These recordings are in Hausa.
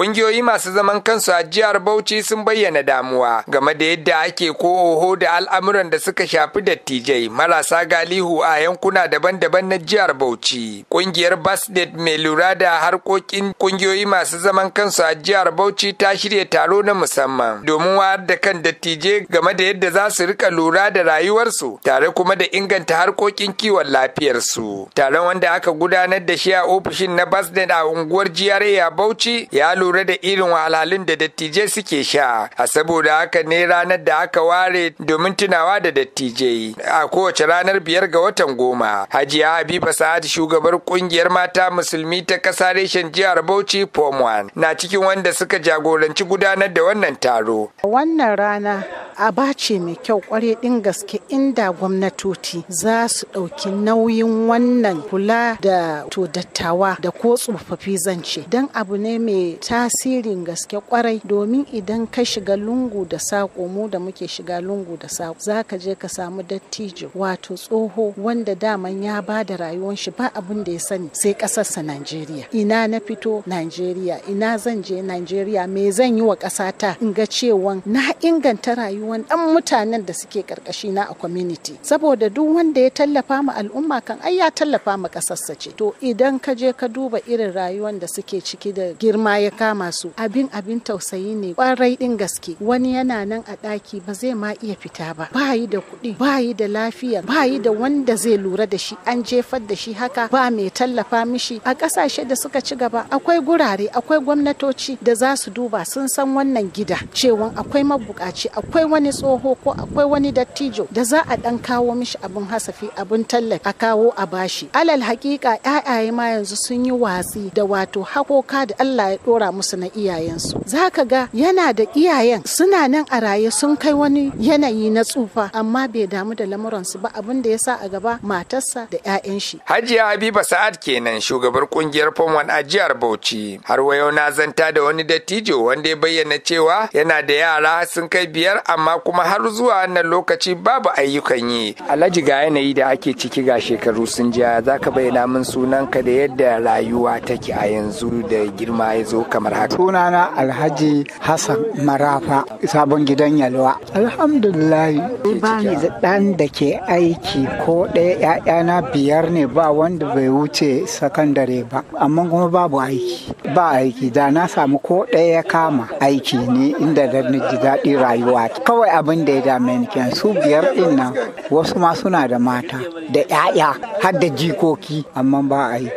Ƙungiyoyi masu zaman kansu a jihar Bauchi sun bayyana damuwa game da yadda ake ko da al'amuran da suka shafi dattijai marasa galihu a yankuna daban-daban na jihar Bauchi. Ƙungiyar Basnet mai lura da harkokin ƙungiyoyi masu zaman kansu a jihar Bauchi ta shirya taro na musamman domin wayar da kan dattijai game da yadda za su rika lura da rayuwarsu tare kuma da inganta harkokin kiwon lafiyarsu. Taron wanda aka gudanar da shi a ofishin na Basnet a unguwar GRA a Bauchi ya lura lura da irin wahalhalun da dattijai suke sha a saboda haka ne ranar da aka ware domin tunawa da dattijai a kowace ranar biyar ga watan goma hajiya habiba sa'ad shugabar kungiyar mata musulmi ta kasa reshen jihar bauchi form one na cikin wanda suka jagoranci gudanar da wannan taro wannan rana a bace mai kyau kwarai din gaske inda gwamnatoci za su ɗauki nauyin wannan kula da to dattawa da ko tsofaffi zance don abu ne mai ta tasirin gaske kwarai domin idan ka shiga lungu da sako mu da muke shiga lungu da sako za ka je ka samu dattijo wato tsoho wanda daman ya ba da rayuwan shi ba abin da ya sani sai ƙasarsa Najeriya ina na fito Najeriya ina zan je Najeriya me zan yi wa ƙasata in ga cewa na inganta rayuwan dan mutanen da suke karkashi na a community saboda duk wanda ya tallafa ma al'umma kan ai ya tallafa ma ƙasarsa ce to idan ka je ka duba irin rayuwan da suke ciki da girma ya kama su abin abin tausayi ne kwarai din gaske wani yana nan a ɗaki ba zai ma iya fita ba ba yi da kuɗi ba yi da lafiya ba yi da wanda zai lura da shi an jefar da shi haka ba mai tallafa mishi a ƙasashe da suka ci gaba akwai gurare akwai gwamnatoci da za su duba sun san wannan gida cewa akwai mabukaci akwai wani tsoho ko akwai wani dattijo da za a ɗan kawo mishi abin hasafi abin tallafi a kawo a bashi alal hakika ƴaƴaye ma yanzu sun yi watsi da wato hakoka da Allah ya ɗora musu na iyayensu za ka ga yana da iyayen suna nan a raye sun kai wani yanayi na tsufa amma bai damu da lamuransu ba abin da ya sa a gaba matarsa da 'ya'yan shi hajiya habiba sa'ad kenan shugabar kungiyar fomon a jihar bauchi har wayo na zanta da wani dattijo wanda ya bayyana cewa yana da yara sun kai biyar amma kuma har zuwa wannan lokaci babu ayyukan yi alhaji ga yanayi da ake ciki ga shekaru sun ja za ka bayyana min sunanka da yadda rayuwa take a yanzu da girma ya zo ka kamar haka sunana alhaji hassan marafa sabon gidan yalwa alhamdulillah ba ni dan da ke aiki ko ɗaya ‘ya'yana biyar ne ba wanda bai wuce sakandare ba amma kuma babu aiki ba aiki da na samu ko ɗaya ya kama aiki ne inda da ni ji daɗi rayuwa kawai abin da ya dame ni kenan su biyar ɗin nan wasu ma suna da mata da ‘ya'ya har da jikoki amma ba aiki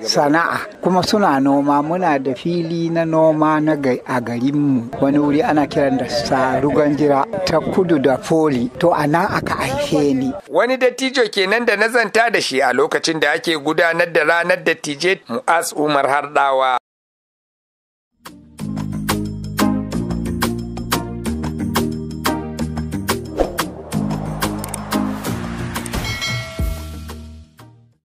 sana'a kuma suna noma muna da fili na noma na a garinmu wani wuri ana kiran da sarugan jira ta kudu da foli to a nan aka haife ni. Wani dattijo kenan da nazanta da shi a lokacin da ake gudanar da ranar dattijai Mu'as Umar Hardawa.